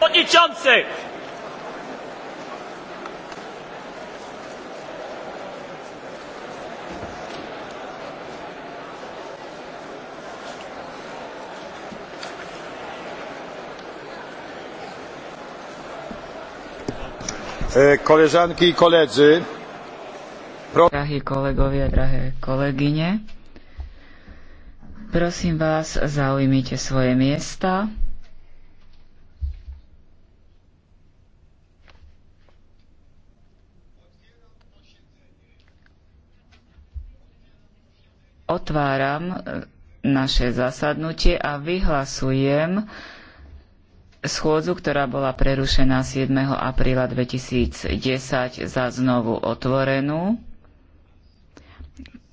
przewodniczący! E, koleżanki i koledzy, Drahí kolegovia, drahé kolegyne, prosím vás, zaujmite svoje miesta. otváram e, naše zasadnutie a vyhlasujem schôdzu, ktorá bola prerušená 7. apríla 2010 za znovu otvorenú.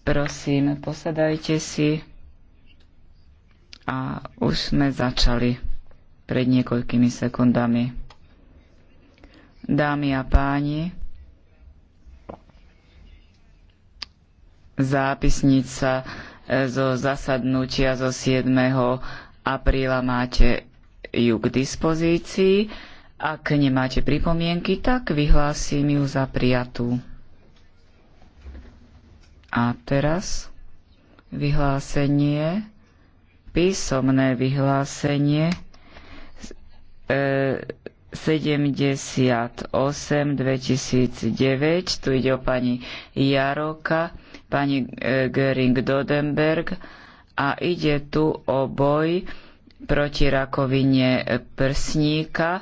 Prosím, posadajte si. A už sme začali pred niekoľkými sekundami. Dámy a páni, zápisnica e, zo zasadnutia zo 7. apríla máte ju k dispozícii. Ak nemáte pripomienky, tak vyhlásim ju za prijatú. A teraz vyhlásenie, písomné vyhlásenie e, 78 2009, tu ide o pani Jaroka, pani e, Göring Dodenberg a ide tu o boj proti rakovine prsníka.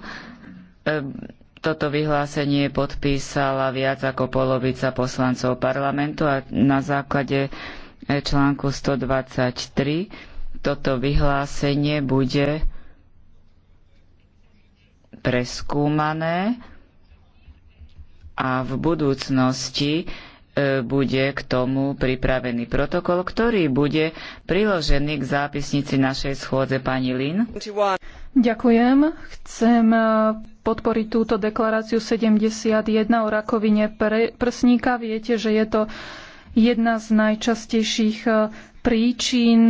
E, toto vyhlásenie podpísala viac ako polovica poslancov parlamentu a na základe e, článku 123 toto vyhlásenie bude preskúmané a v budúcnosti bude k tomu pripravený protokol, ktorý bude priložený k zápisnici našej schôdze pani Lin. Ďakujem. Chcem e, podporiť túto deklaráciu 71 o rakovine prsníka. Viete, že je to jedna z najčastejších e, príčin